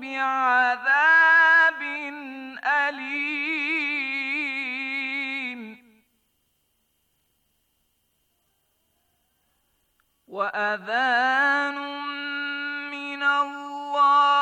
بعذاب أليم وأذان من الله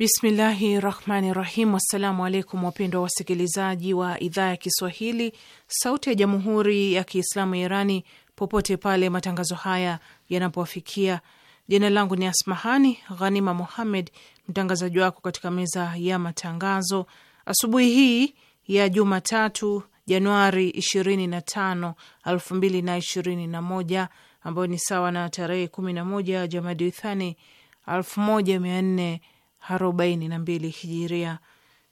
Bismillahi rahmani rahim. Assalamu alaikum wapendwa wasikilizaji wa idhaa ya Kiswahili sauti ya jamhuri ya Kiislamu ya Irani popote pale matangazo haya yanapowafikia. Jina langu ni Asmahani Ghanima Muhammed, mtangazaji wako katika meza ya matangazo asubuhi hii ya Jumatatu Januari 25, 2021 ambayo ni sawa na tarehe 11 Jamadi Uthani 1400 arobaini na mbili hijiria.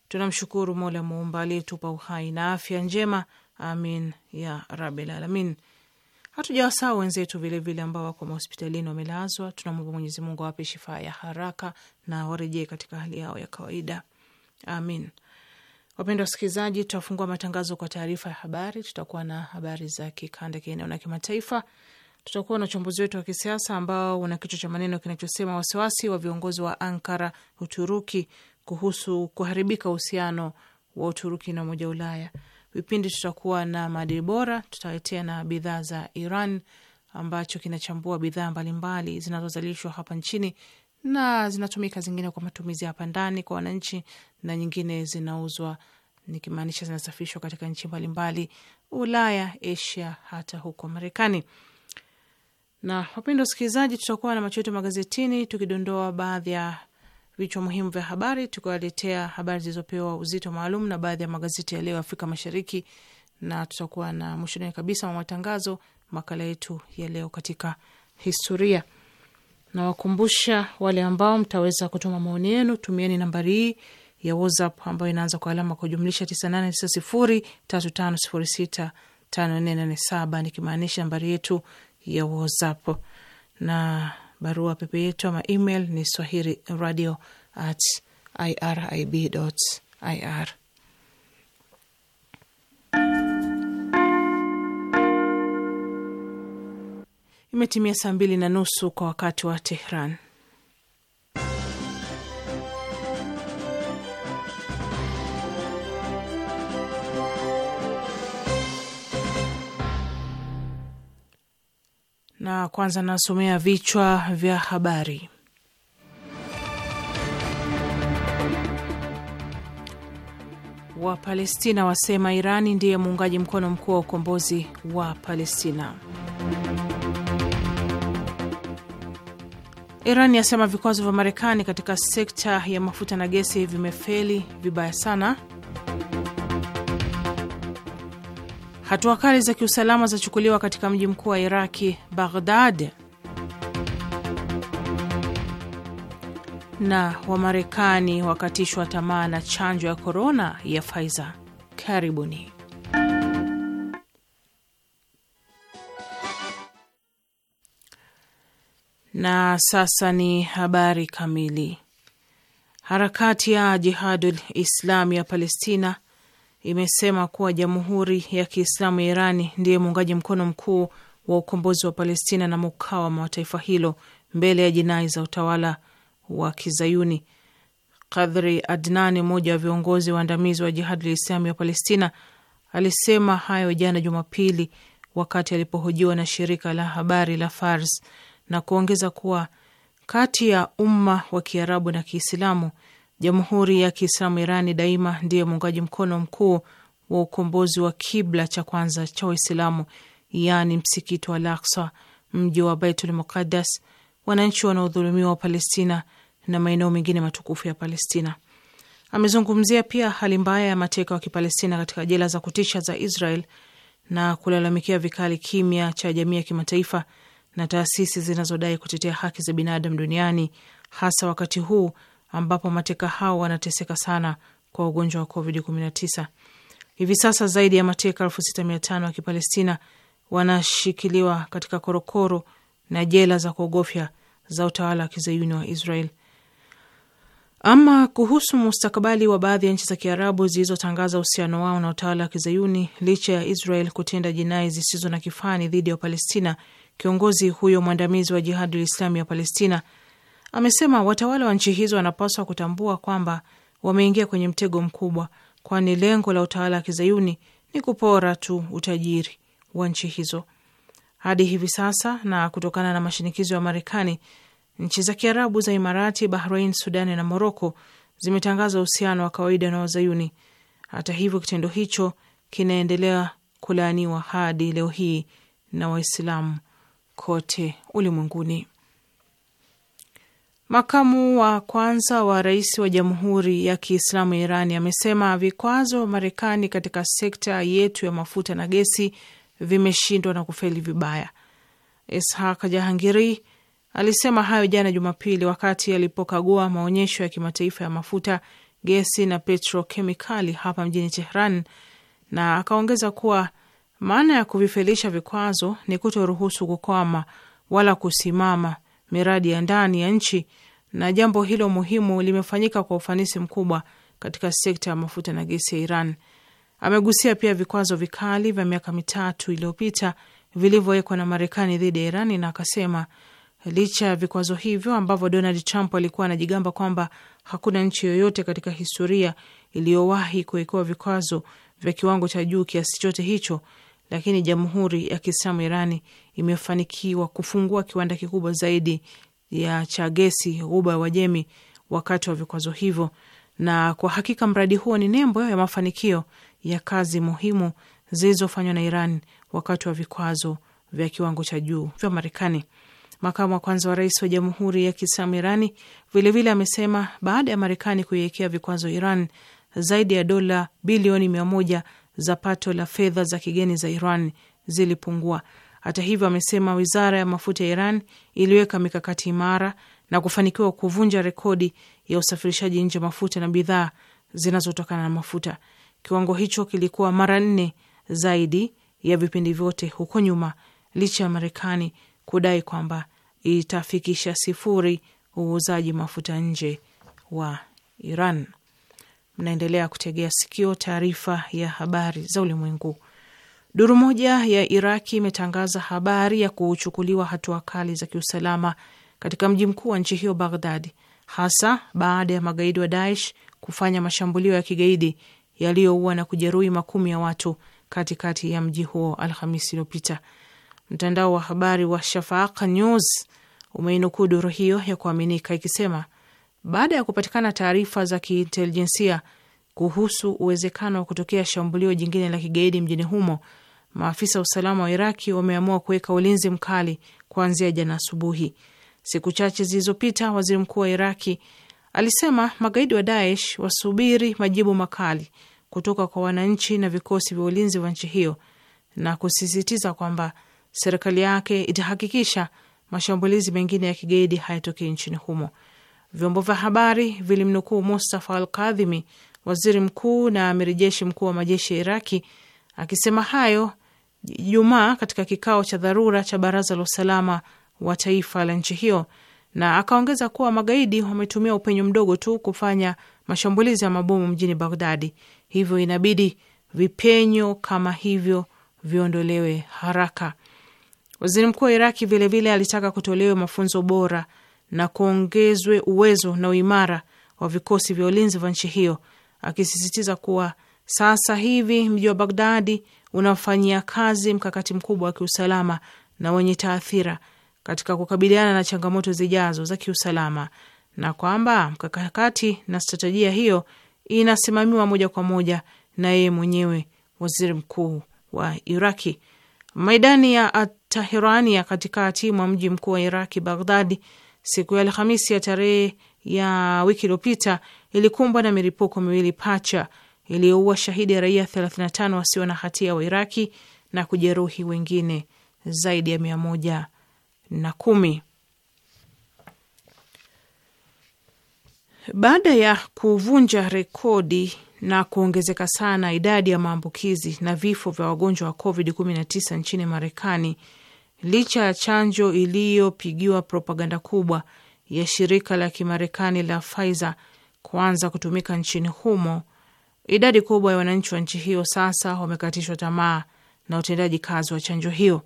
Tunamshukuru Mola Muumba aliyetupa uhai na afya njema, amin ya rabbil alamin. wenzetu vilevile ambao wako mahospitalini wamelazwa. Tunamwomba Mwenyezi Mungu awape shifaa ya haraka na warejee katika hali yao ya kawaida, amin. Wapendwa wasikilizaji, tutafungua matangazo kwa taarifa ya habari. Tutakuwa na habari za kikanda, kieneo na kimataifa tutakuwa na uchambuzi wetu wa kisiasa ambao una kichwa cha maneno kinachosema wasiwasi wa viongozi wa Ankara, Uturuki kuhusu kuharibika uhusiano wa Uturuki na Umoja wa Ulaya. Vipindi tutakuwa na maadili bora, tutaletea na bidhaa za Iran ambacho kinachambua bidhaa mbalimbali zinazozalishwa hapa nchini na zinatumika zingine kwa matumizi hapa ndani kwa wananchi na nyingine zinauzwa nikimaanisha zinasafirishwa katika nchi mbalimbali Ulaya, Asia, hata huko Marekani. Na wapendwa wasikilizaji, tutakuwa na macho yetu magazetini tukidondoa baadhi ya vichwa muhimu vya habari, tukiwaletea habari zilizopewa uzito maalum na baadhi ya magazeti ya leo Afrika Mashariki, na tutakuwa na mwishoni kabisa wa matangazo makala yetu ya leo katika historia. Nawakumbusha wale ambao mtaweza kutuma maoni yenu, tumieni nambari hii ya WhatsApp ambayo inaanza kwa alama kujumlisha 989035065487 nikimaanisha nambari yetu ya WhatsApp na barua pepe yetu ama email ni swahili radio at irib ir. Imetimia saa mbili na nusu kwa wakati wa Tehran. na kwanza nasomea vichwa vya habari. Wapalestina wasema Irani ndiye muungaji mkono mkuu wa ukombozi wa Palestina. Irani yasema vikwazo vya Marekani katika sekta ya mafuta na gesi vimefeli vibaya sana. Hatua kali za kiusalama zachukuliwa katika mji mkuu wa Iraki, Baghdad. Na Wamarekani wakatishwa tamaa na chanjo ya korona ya Pfizer. Karibuni. Na sasa ni habari kamili. Harakati ya Jihadul islami ya Palestina imesema kuwa Jamhuri ya Kiislamu ya Irani ndiye muungaji mkono mkuu wa ukombozi wa Palestina na mukawama wa taifa hilo mbele ya jinai za utawala wa Kizayuni. Kadhri Adnani, mmoja wa viongozi waandamizi wa Jihadi la Islamu ya Palestina, alisema hayo jana Jumapili wakati alipohojiwa na shirika la habari la Fars na kuongeza kuwa kati ya umma wa Kiarabu na Kiislamu Jamhuri ya Kiislamu Irani daima ndiye muungaji mkono mkuu wa ukombozi wa kibla cha kwanza cha Waislamu, yaani msikiti wa Al-Aqsa, mji wa Baitul Muqaddas, wananchi wanaodhulumiwa wa Palestina na maeneo mengine matukufu ya Palestina. Amezungumzia pia hali mbaya ya mateka wa Kipalestina katika jela za kutisha za Israel na kulalamikia vikali kimya cha jamii ya kimataifa na taasisi zinazodai kutetea haki za binadamu duniani, hasa wakati huu ambapo mateka hao wanateseka sana kwa ugonjwa wa COVID-19. Hivi sasa zaidi ya mateka tano wa Kipalestina wanashikiliwa katika korokoro na jela za kuogofya za utawala wa kizayuni wa Israel. Ama kuhusu mustakabali wa baadhi ya nchi za Kiarabu zilizotangaza uhusiano wao na utawala wa kizayuni licha ya Israel kutenda jinai zisizo na kifani dhidi ya Palestina, kiongozi huyo mwandamizi wa Jihadi Islami ya Palestina amesema watawala wa nchi hizo wanapaswa kutambua kwamba wameingia kwenye mtego mkubwa, kwani lengo la utawala wa kizayuni ni kupora tu utajiri wa nchi hizo. Hadi hivi sasa na kutokana na mashinikizo ya Marekani, nchi za Kiarabu za Imarati, Bahrain, Sudani na Moroko zimetangaza uhusiano wa kawaida na Wazayuni. Hata hivyo, kitendo hicho kinaendelea kulaaniwa hadi leo hii na Waislamu kote ulimwenguni. Makamu wa kwanza wa rais wa Jamhuri ya Kiislamu ya Irani amesema vikwazo Marekani katika sekta yetu ya mafuta na gesi vimeshindwa na kufeli vibaya. Ishaq Jahangiri alisema hayo jana Jumapili wakati alipokagua maonyesho ya kimataifa ya mafuta, gesi na petrokemikali hapa mjini Tehran, na akaongeza kuwa maana ya kuvifelisha vikwazo ni kutoruhusu kukwama wala kusimama miradi ya ndani ya nchi, na jambo hilo muhimu limefanyika kwa ufanisi mkubwa katika sekta ya mafuta na gesi ya Iran. Amegusia pia vikwazo vikali vya miaka mitatu iliyopita vilivyowekwa na Marekani dhidi ya Irani, na akasema licha ya vikwazo hivyo ambavyo Donald Trump alikuwa anajigamba kwamba hakuna nchi yoyote katika historia iliyowahi kuwekewa vikwazo vya kiwango cha juu kiasi chote hicho, lakini Jamhuri ya Kiislamu Irani imefanikiwa kufungua kiwanda kikubwa zaidi ya cha gesi Ghuba ya Uajemi wakati wa vikwazo hivyo, na kwa hakika mradi huo ni nembo ya mafanikio ya kazi muhimu zilizofanywa na Iran wakati wa vikwazo vya kiwango cha juu vya Marekani. Makamu wa kwanza wa rais wa Jamhuri ya Kiislamu Irani vilevile amesema baada ya Marekani kuiwekea vikwazo Iran zaidi ya dola bilioni mia moja za pato la fedha za kigeni za Iran zilipungua. Hata hivyo, amesema wizara ya mafuta ya Iran iliweka mikakati imara na kufanikiwa kuvunja rekodi ya usafirishaji nje mafuta na bidhaa zinazotokana na mafuta. Kiwango hicho kilikuwa mara nne zaidi ya vipindi vyote huko nyuma, licha ya Marekani kudai kwamba itafikisha sifuri uuzaji mafuta nje wa Iran. Mnaendelea kutegea sikio taarifa ya habari za ulimwengu. Duru moja ya Iraki imetangaza habari ya kuchukuliwa hatua kali za kiusalama katika mji mkuu wa nchi hiyo Baghdad, hasa baada ya magaidi wa Daesh kufanya mashambulio ya kigaidi yaliyoua na kujeruhi makumi ya watu katikati ya mji huo Alhamisi iliyopita. Mtandao wa habari wa Shafaq News umeinukuu duru hiyo ya kuaminika ikisema baada ya kupatikana taarifa za kiintelijensia kuhusu uwezekano wa kutokea shambulio jingine la kigaidi mjini humo, maafisa wa usalama wa Iraki wameamua kuweka ulinzi mkali kuanzia jana asubuhi. Siku chache zilizopita, waziri mkuu wa Iraki alisema magaidi wa Daesh wasubiri majibu makali kutoka kwa wananchi na vikosi vya ulinzi wa nchi hiyo na kusisitiza kwamba serikali yake itahakikisha mashambulizi mengine ya kigaidi hayatokei nchini humo. Vyombo vya habari vilimnukuu Mustafa al Kadhimi, waziri mkuu na amiri jeshi mkuu wa majeshi ya Iraki, akisema hayo Jumaa katika kikao cha dharura cha baraza la usalama wa taifa la nchi hiyo, na akaongeza kuwa magaidi wametumia upenyo mdogo tu kufanya mashambulizi ya mabomu mjini Bagdadi, hivyo inabidi vipenyo kama hivyo viondolewe haraka. Waziri mkuu wa Iraki vilevile alitaka kutolewe mafunzo bora na kuongezwe uwezo na uimara wa vikosi vya ulinzi vya nchi hiyo, akisisitiza kuwa sasa hivi mji wa Bagdadi unafanyia kazi mkakati mkubwa wa kiusalama na wenye taathira katika kukabiliana na changamoto zijazo za kiusalama na kwamba mkakati na stratejia hiyo inasimamiwa moja kwa moja na yeye mwenyewe waziri mkuu wa Iraki. Maidani ya Tahirani katikati mwa mji mkuu wa Iraki, Baghdadi, siku ya Alhamisi ya tarehe ya wiki iliyopita ilikumbwa na milipuko miwili pacha iliyoua shahidi ya raia 35 wasio na hatia wa Iraki na kujeruhi wengine zaidi ya mia moja na kumi. Baada ya kuvunja rekodi na kuongezeka sana idadi ya maambukizi na vifo vya wagonjwa wa COVID-19 nchini Marekani, licha ya chanjo iliyopigiwa propaganda kubwa ya shirika la kimarekani la Pfizer kuanza kutumika nchini humo, idadi kubwa ya wananchi wa nchi hiyo sasa wamekatishwa tamaa na utendaji kazi wa chanjo hiyo.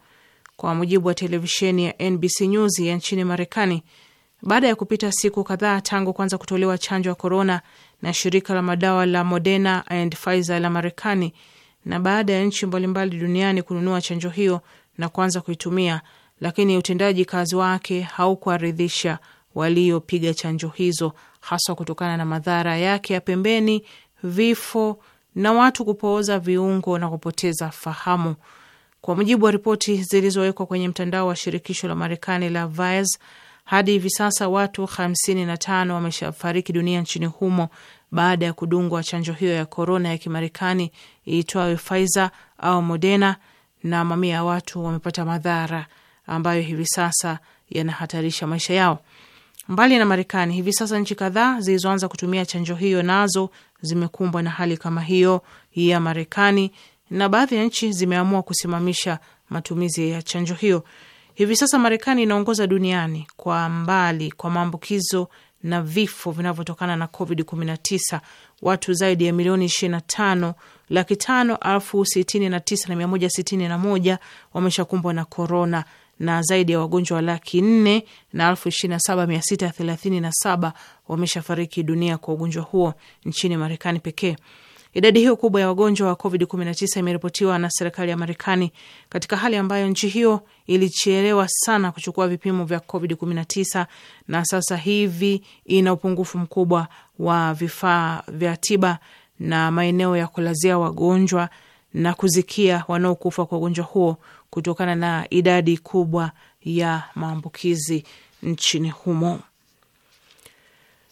Kwa mujibu wa televisheni ya NBC News ya nchini Marekani, baada ya kupita siku kadhaa tangu kuanza kutolewa chanjo ya korona na shirika la madawa la Moderna and Pfizer la Marekani, na baada ya nchi mbalimbali duniani kununua chanjo hiyo na kuanza kuitumia, lakini utendaji kazi wake haukuwaridhisha waliopiga chanjo hizo, haswa kutokana na madhara yake ya pembeni, vifo na watu kupooza viungo na kupoteza fahamu. Kwa mujibu wa ripoti zilizowekwa kwenye mtandao wa shirikisho la Marekani la VAERS, hadi hivi sasa watu 55 wameshafariki dunia nchini humo baada ya kudungwa chanjo hiyo ya korona ya Kimarekani iitwayo Pfizer au Moderna na mamia ya watu wamepata madhara ambayo hivi sasa yanahatarisha maisha yao. Mbali na Marekani, hivi sasa nchi kadhaa zilizoanza kutumia chanjo hiyo nazo zimekumbwa na hali kama hiyo ya Marekani, na baadhi ya nchi zimeamua kusimamisha matumizi ya chanjo hiyo. Hivi sasa Marekani inaongoza duniani kwa mbali kwa maambukizo na vifo vinavyotokana na COVID 19. Watu zaidi ya milioni 25 laki tano elfu sitini na tisa na mia moja sitini na moja wameshakumbwa na korona na zaidi ya wagonjwa wa laki nne na alfu ishirini na saba mia sita thelathini na saba wameshafariki dunia kwa ugonjwa huo nchini Marekani pekee. Idadi hiyo kubwa ya wagonjwa wa COVID-19 imeripotiwa na serikali ya Marekani katika hali ambayo nchi hiyo ilichelewa sana kuchukua vipimo vya COVID-19 na sasa hivi ina upungufu mkubwa wa vifaa vya tiba na maeneo ya kulazia wagonjwa na kuzikia wanaokufa kwa ugonjwa huo kutokana na idadi kubwa ya maambukizi nchini humo.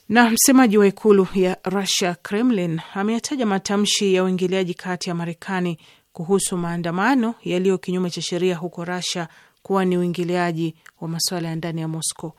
Na msemaji wa ikulu ya Russia, Kremlin, ameyataja matamshi ya uingiliaji kati ya Marekani kuhusu maandamano yaliyo kinyume cha sheria huko Russia kuwa ni uingiliaji wa masuala ya ndani ya Moscow.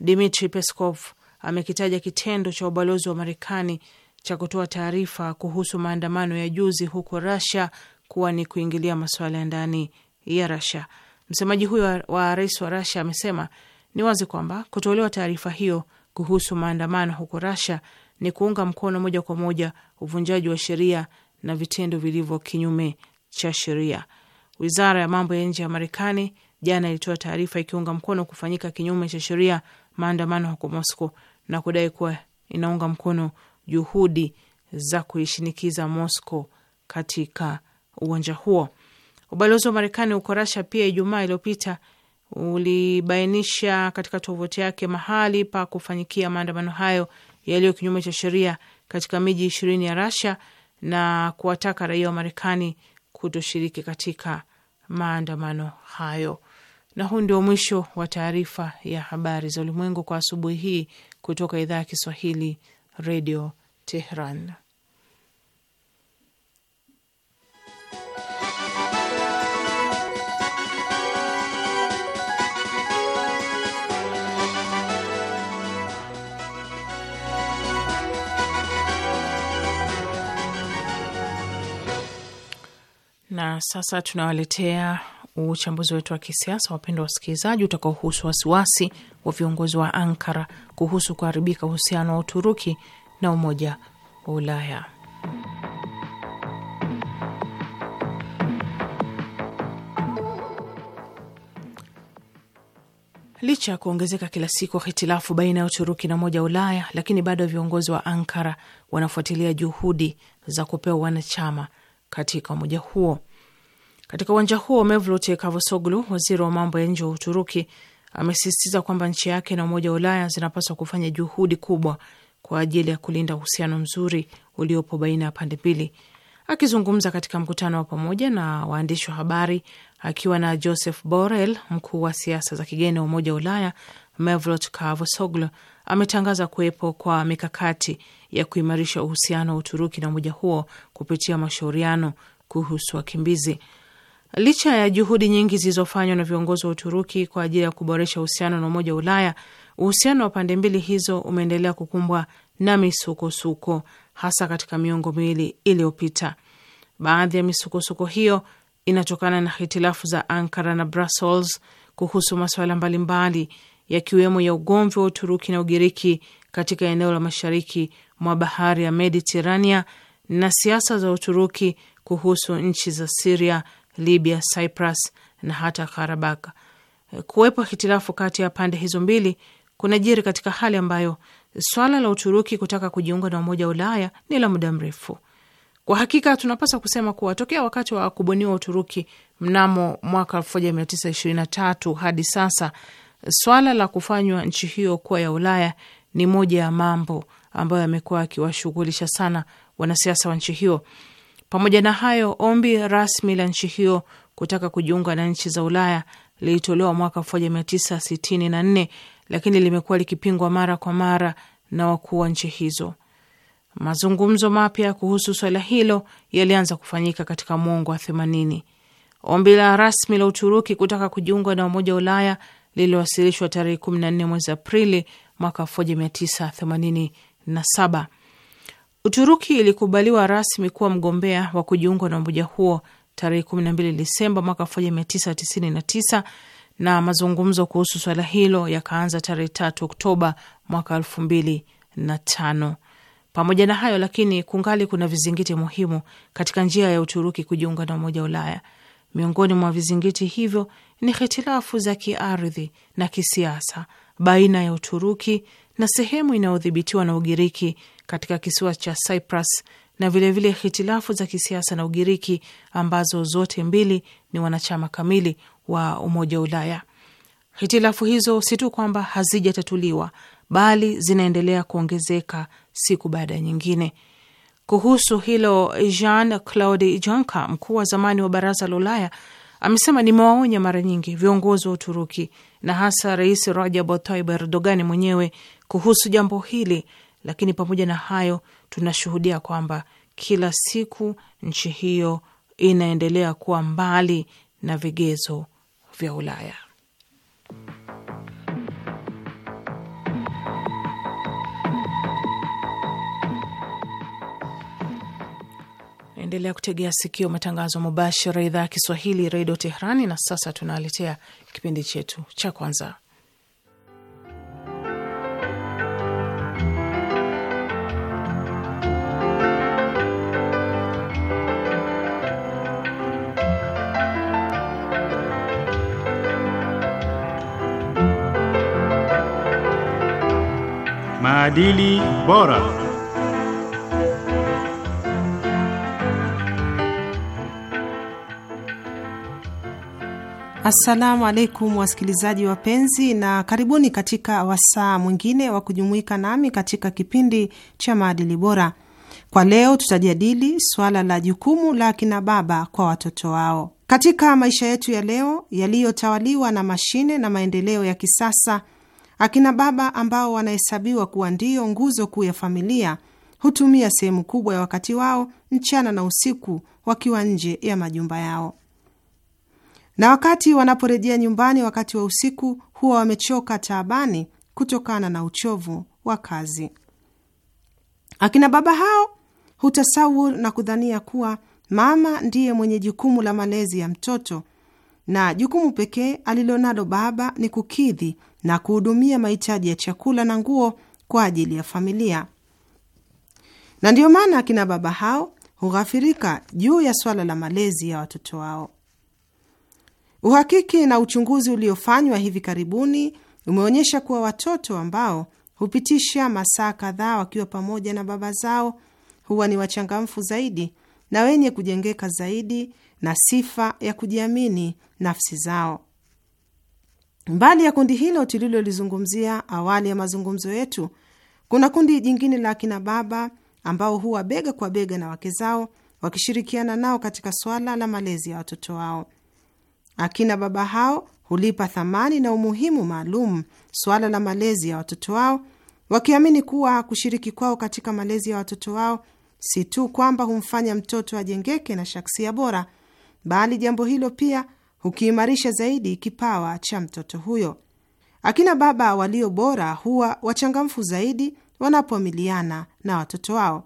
Dmitri Peskov amekitaja kitendo cha ubalozi wa Marekani cha kutoa taarifa kuhusu maandamano ya juzi huko Rasia kuwa ni kuingilia masuala ya ndani ya Rasia. Msemaji huyo wa rais wa Rasia amesema ni wazi kwamba kutolewa taarifa hiyo kuhusu maandamano huko Rasia ni kuunga mkono moja kwa moja uvunjaji wa sheria na vitendo vilivyo kinyume cha sheria. Wizara ya mambo ya nje ya Marekani jana ilitoa taarifa ikiunga mkono kufanyika kinyume cha sheria maandamano huko Moscow na kudai kuwa inaunga mkono juhudi za kuishinikiza Moscow katika uwanja huo. Ubalozi wa Marekani huko Rasha pia Ijumaa iliyopita ulibainisha katika tovuti yake mahali pa kufanyikia maandamano hayo yaliyo kinyume cha sheria katika miji ishirini ya Rasha na kuwataka raia wa Marekani kutoshiriki katika maandamano hayo. Na huu ndio mwisho wa taarifa ya habari za ulimwengu kwa asubuhi hii kutoka idhaa ya Kiswahili Redio Tehran. Na sasa tunawaletea uchambuzi wetu wa kisiasa, wapendwa wasikilizaji, utakaohusu wasiwasi wa viongozi wa Ankara kuhusu kuharibika uhusiano wa Uturuki na Umoja wa Ulaya. Licha ya kuongezeka kila siku hitilafu baina ya Uturuki na Umoja wa Ulaya, lakini bado viongozi wa Ankara wanafuatilia juhudi za kupewa wanachama katika umoja huo. Katika uwanja huo, Mevlut Cavusoglu, waziri wa mambo ya nje wa Uturuki, amesisitiza kwamba nchi yake na Umoja wa Ulaya zinapaswa kufanya juhudi kubwa kwa ajili ya kulinda uhusiano mzuri uliopo baina ya pande mbili. Akizungumza katika mkutano wa pamoja na waandishi wa habari akiwa na Joseph Borrell, mkuu wa siasa za kigeni wa Umoja wa Ulaya, Mevlut Cavusoglu ametangaza kuwepo kwa mikakati ya kuimarisha uhusiano wa Uturuki na umoja huo kupitia mashauriano kuhusu wakimbizi. Licha ya juhudi nyingi zilizofanywa na viongozi wa Uturuki kwa ajili ya kuboresha uhusiano na Umoja wa Ulaya, uhusiano wa pande mbili hizo umeendelea kukumbwa na misukosuko, hasa katika miongo miwili iliyopita. Baadhi ya misukosuko hiyo inatokana na hitilafu za Ankara na Brussels kuhusu masuala mbalimbali yakiwemo ya ugomvi wa Uturuki na Ugiriki katika eneo la mashariki mwa bahari ya Mediterania na siasa za Uturuki kuhusu nchi za Siria Libya, Cyprus na hata Karabaka. Kuwepo hitilafu kati ya pande hizo mbili kunajiri katika hali ambayo swala la Uturuki kutaka kujiunga na Umoja wa Ulaya ni la muda mrefu. Kwa hakika tunapaswa kusema kuwa tokea wakati wa kubuniwa Uturuki mnamo mwaka 1923 hadi sasa swala la kufanywa nchi hiyo kuwa ya Ulaya ni moja ya mambo ambayo yamekuwa akiwashughulisha sana wanasiasa wa nchi hiyo pamoja na hayo, ombi rasmi la nchi hiyo kutaka kujiunga na nchi za Ulaya lilitolewa mwaka 1964 lakini limekuwa likipingwa mara kwa mara na wakuu wa nchi hizo. Mazungumzo mapya kuhusu swala hilo yalianza kufanyika katika mwongo wa 80. Ombi la rasmi la Uturuki kutaka kujiunga na Umoja wa Ulaya liliwasilishwa tarehe 14 mwezi Aprili mwaka 1987. Uturuki ilikubaliwa rasmi kuwa mgombea wa kujiunga na umoja huo tarehe 12 Disemba mwaka 1999 na mazungumzo kuhusu swala hilo yakaanza tarehe 3 Oktoba mwaka 2005. Pamoja na hayo lakini, kungali kuna vizingiti muhimu katika njia ya Uturuki kujiunga na umoja wa Ulaya. Miongoni mwa vizingiti hivyo ni hitilafu za kiardhi na kisiasa baina ya Uturuki na sehemu inayodhibitiwa na Ugiriki katika kisiwa cha Cyprus na vilevile hitilafu za kisiasa na Ugiriki ambazo zote mbili ni wanachama kamili wa Umoja wa Ulaya. Hitilafu hizo si tu kwamba hazijatatuliwa bali zinaendelea kuongezeka siku baada ya nyingine. Kuhusu hilo, Jean Claude Juncker, mkuu wa zamani wa Baraza la Ulaya, amesema nimewaonya mara nyingi viongozi wa Uturuki na hasa Rais Rajab Tayyip Erdogan mwenyewe kuhusu jambo hili lakini pamoja na hayo, tunashuhudia kwamba kila siku nchi hiyo inaendelea kuwa mbali na vigezo vya Ulaya. Endelea kutegea sikio matangazo mubashara, idhaa ya Kiswahili, redio Teherani. Na sasa tunaletea kipindi chetu cha kwanza Maadili Bora. Assalamu alaikum wasikilizaji wapenzi, na karibuni katika wasaa mwingine wa kujumuika nami katika kipindi cha maadili bora. Kwa leo tutajadili suala la jukumu la akina baba kwa watoto wao katika maisha yetu ya leo yaliyotawaliwa na mashine na maendeleo ya kisasa. Akina baba ambao wanahesabiwa kuwa ndiyo nguzo kuu ya familia hutumia sehemu kubwa ya wakati wao mchana na usiku wakiwa nje ya majumba yao, na wakati wanaporejea nyumbani wakati wa usiku huwa wamechoka taabani kutokana na uchovu wa kazi. Akina baba hao hutasawur na kudhania kuwa mama ndiye mwenye jukumu la malezi ya mtoto na jukumu pekee alilonalo baba ni kukidhi na kuhudumia mahitaji ya chakula na nguo kwa ajili ya familia. Na ndiyo maana akina baba hao hughafirika juu ya swala la malezi ya watoto wao. Uhakiki na uchunguzi uliofanywa hivi karibuni umeonyesha kuwa watoto ambao hupitisha masaa kadhaa wakiwa pamoja na baba zao huwa ni wachangamfu zaidi na wenye kujengeka zaidi na sifa ya kujiamini nafsi zao. Mbali ya kundi hilo tulilolizungumzia awali ya mazungumzo yetu, kuna kundi jingine la akina baba ambao huwa bega kwa bega na wake zao wakishirikiana nao katika swala la malezi ya watoto wao. Akina baba hao hulipa thamani na umuhimu maalum swala la malezi ya watoto wao, wakiamini kuwa kushiriki kwao katika malezi ya watoto wao si tu kwamba humfanya mtoto ajengeke na shaksia bora, bali jambo hilo pia hukiimarisha zaidi kipawa cha mtoto huyo. Akina baba walio bora huwa wachangamfu zaidi wanapoamiliana na watoto wao.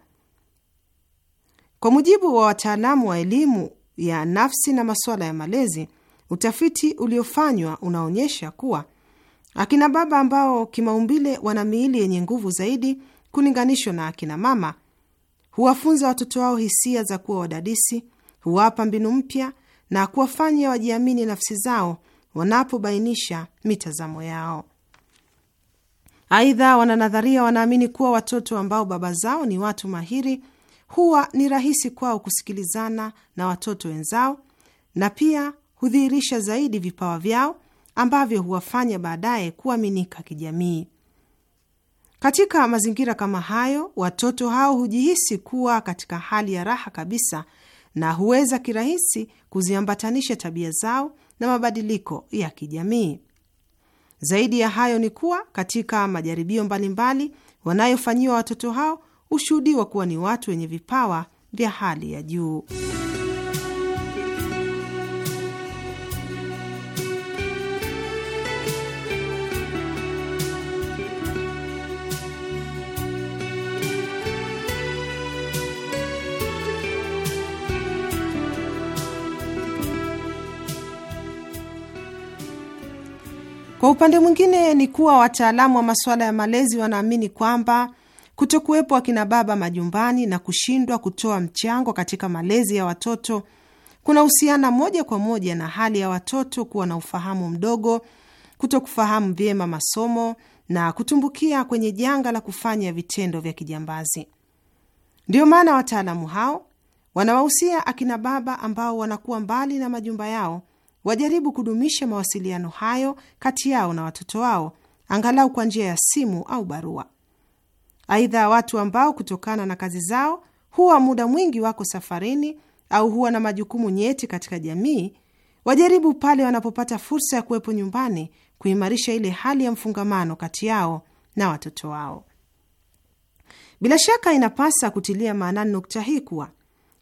Kwa mujibu wa wataalamu wa elimu ya nafsi na masuala ya malezi, utafiti uliofanywa unaonyesha kuwa akina baba ambao kimaumbile wana miili yenye nguvu zaidi kulinganishwa na akina mama huwafunza watoto wao hisia za kuwa wadadisi, huwapa mbinu mpya na kuwafanya wajiamini nafsi zao wanapobainisha mitazamo yao. Aidha, wananadharia wanaamini kuwa watoto ambao baba zao ni watu mahiri huwa ni rahisi kwao kusikilizana na watoto wenzao na pia hudhihirisha zaidi vipawa vyao ambavyo huwafanya baadaye kuaminika kijamii. Katika mazingira kama hayo, watoto hao hujihisi kuwa katika hali ya raha kabisa na huweza kirahisi kuziambatanisha tabia zao na mabadiliko ya kijamii. Zaidi ya hayo ni kuwa katika majaribio mbalimbali wanayofanyiwa watoto hao hushuhudiwa kuwa ni watu wenye vipawa vya hali ya juu. Kwa upande mwingine ni kuwa wataalamu wa masuala ya malezi wanaamini kwamba kutokuwepo akina baba majumbani na kushindwa kutoa mchango katika malezi ya watoto kunahusiana moja kwa moja na hali ya watoto kuwa na ufahamu mdogo, kutokufahamu vyema masomo na kutumbukia kwenye janga la kufanya vitendo vya kijambazi. Ndiyo maana wataalamu hao wanawahusia akina baba ambao wanakuwa mbali na majumba yao wajaribu kudumisha mawasiliano hayo kati yao na watoto wao angalau kwa njia ya simu au barua. Aidha, watu ambao kutokana na kazi zao huwa muda mwingi wako safarini au huwa na majukumu nyeti katika jamii, wajaribu pale wanapopata fursa ya kuwepo nyumbani kuimarisha ile hali ya mfungamano kati yao na watoto wao. Bila shaka inapasa kutilia maanani nukta hii kuwa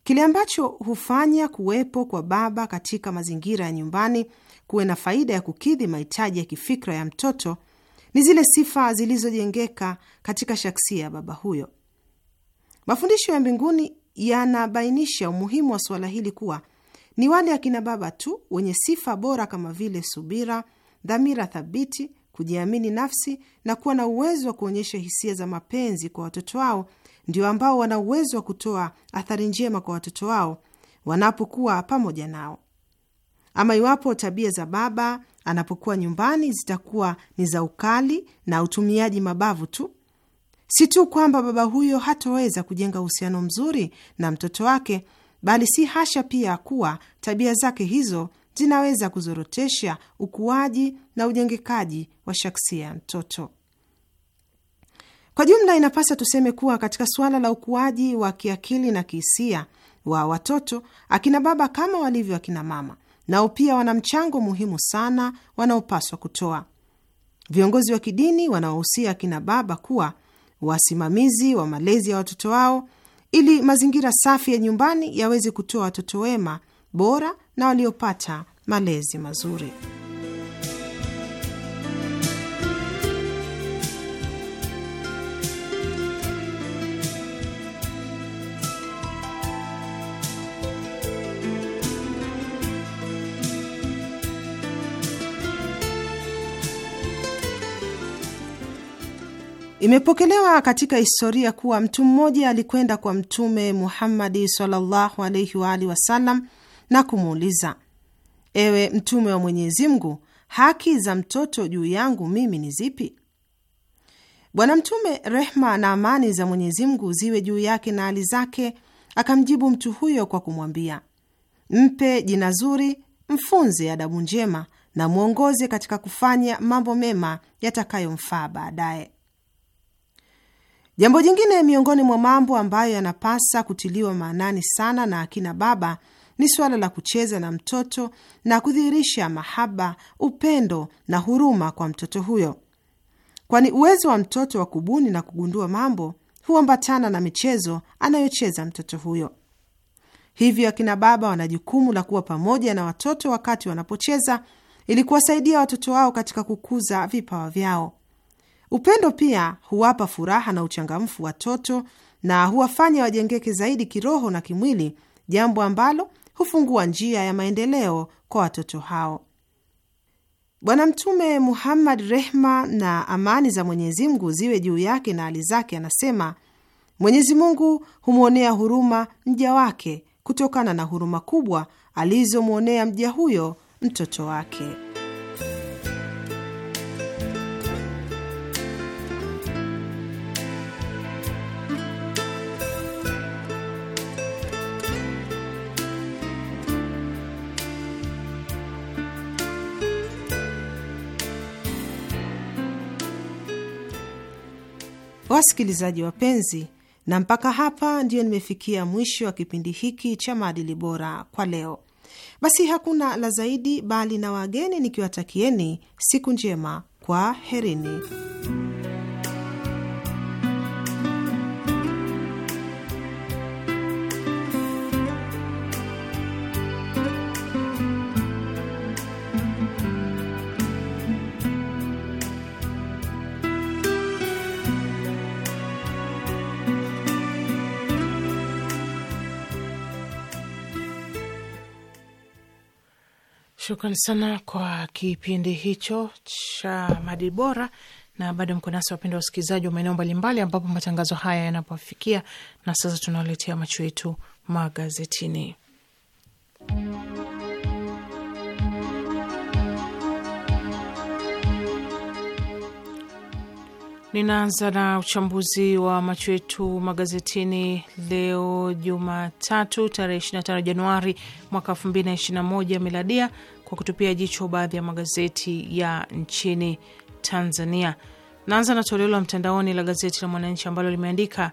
Kile ambacho hufanya kuwepo kwa baba katika mazingira ya nyumbani kuwe na faida ya kukidhi mahitaji ya kifikra ya mtoto ni zile sifa zilizojengeka katika shaksia ya baba huyo. Mafundisho ya mbinguni yanabainisha umuhimu wa suala hili kuwa ni wale akina baba tu wenye sifa bora kama vile subira, dhamira thabiti, kujiamini nafsi na kuwa na uwezo wa kuonyesha hisia za mapenzi kwa watoto wao ndio ambao wana uwezo wa kutoa athari njema kwa watoto wao wanapokuwa pamoja nao. Ama iwapo tabia za baba anapokuwa nyumbani zitakuwa ni za ukali na utumiaji mabavu tu, si tu kwamba baba huyo hatoweza kujenga uhusiano mzuri na mtoto wake, bali si hasha pia kuwa tabia zake hizo zinaweza kuzorotesha ukuaji na ujengekaji wa shaksia ya mtoto. Kwa jumla, inapasa tuseme kuwa katika suala la ukuaji wa kiakili na kihisia wa watoto, akina baba kama walivyo akina mama nao pia wana mchango muhimu sana wanaopaswa kutoa. Viongozi wa kidini wanawahusia akina baba kuwa wasimamizi wa malezi ya watoto wao ili mazingira safi ya nyumbani yaweze kutoa watoto wema bora na waliopata malezi mazuri. Imepokelewa katika historia kuwa mtu mmoja alikwenda kwa Mtume Muhammadi sallallahu alaihi wa alihi wasallam na kumuuliza, ewe Mtume wa Mwenyezi Mungu, haki za mtoto juu yangu mimi ni zipi? Bwana Mtume, rehma na amani za Mwenyezi Mungu ziwe juu yake na hali zake, akamjibu mtu huyo kwa kumwambia, mpe jina zuri, mfunze adabu njema na mwongoze katika kufanya mambo mema yatakayomfaa baadaye. Jambo jingine miongoni mwa mambo ambayo yanapasa kutiliwa maanani sana na akina baba ni suala la kucheza na mtoto na kudhihirisha mahaba, upendo na huruma kwa mtoto huyo, kwani uwezo wa mtoto wa kubuni na kugundua mambo huambatana na michezo anayocheza mtoto huyo. Hivyo akina baba wana jukumu la kuwa pamoja na watoto wakati wanapocheza ili kuwasaidia watoto wao katika kukuza vipawa vyao. Upendo pia huwapa furaha na uchangamfu watoto na huwafanya wajengeke zaidi kiroho na kimwili, jambo ambalo hufungua njia ya maendeleo kwa watoto hao. Bwana Mtume Muhammad, rehma na amani za Mwenyezi Mungu ziwe juu yake na hali zake, anasema Mwenyezi Mungu humwonea huruma mja wake kutokana na huruma kubwa alizomwonea mja huyo mtoto wake. Wasikilizaji wapenzi, na mpaka hapa ndiyo nimefikia mwisho wa kipindi hiki cha maadili bora kwa leo. Basi hakuna la zaidi, bali na wageni nikiwatakieni siku njema, kwa herini. Shukran sana kwa kipindi hicho cha maadili bora, na bado mko nasi wapenda wasikilizaji wa maeneo mbalimbali ambapo matangazo haya yanapofikia. Na sasa tunawaletea macho yetu magazetini. Ninaanza na uchambuzi wa macho yetu magazetini leo Jumatatu tarehe 25 Januari mwaka 2021 miladia, kwa kutupia jicho baadhi ya magazeti ya nchini Tanzania. Naanza na toleo la mtandaoni la gazeti la Mwananchi ambalo limeandika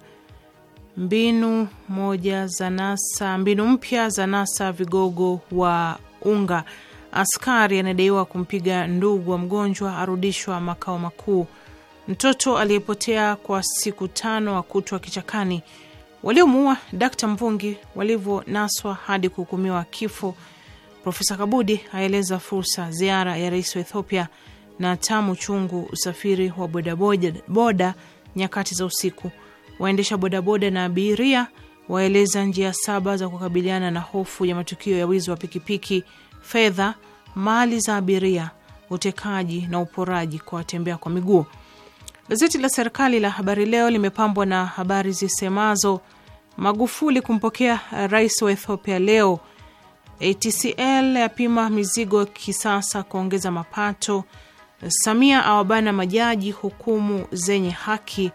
mbinu moja za NASA, mbinu mpya za NASA, vigogo wa unga, askari anadaiwa kumpiga ndugu wa mgonjwa arudishwa makao makuu, mtoto aliyepotea kwa siku tano akutwa kichakani, waliomuua Dkt Mvungi walivyonaswa hadi kuhukumiwa kifo Profesa Kabudi aeleza fursa ziara ya rais wa Ethiopia na tamu chungu usafiri wa bodaboda boda nyakati za usiku. Waendesha bodaboda na abiria waeleza njia saba za kukabiliana na hofu ya matukio ya wizi wa pikipiki, fedha, mali za abiria, utekaji na uporaji kwa watembea kwa miguu. Gazeti la serikali la Habari Leo limepambwa na habari zisemazo Magufuli kumpokea rais wa Ethiopia leo ATCL yapima mizigo kisasa kuongeza mapato. Samia awabana majaji hukumu zenye haki.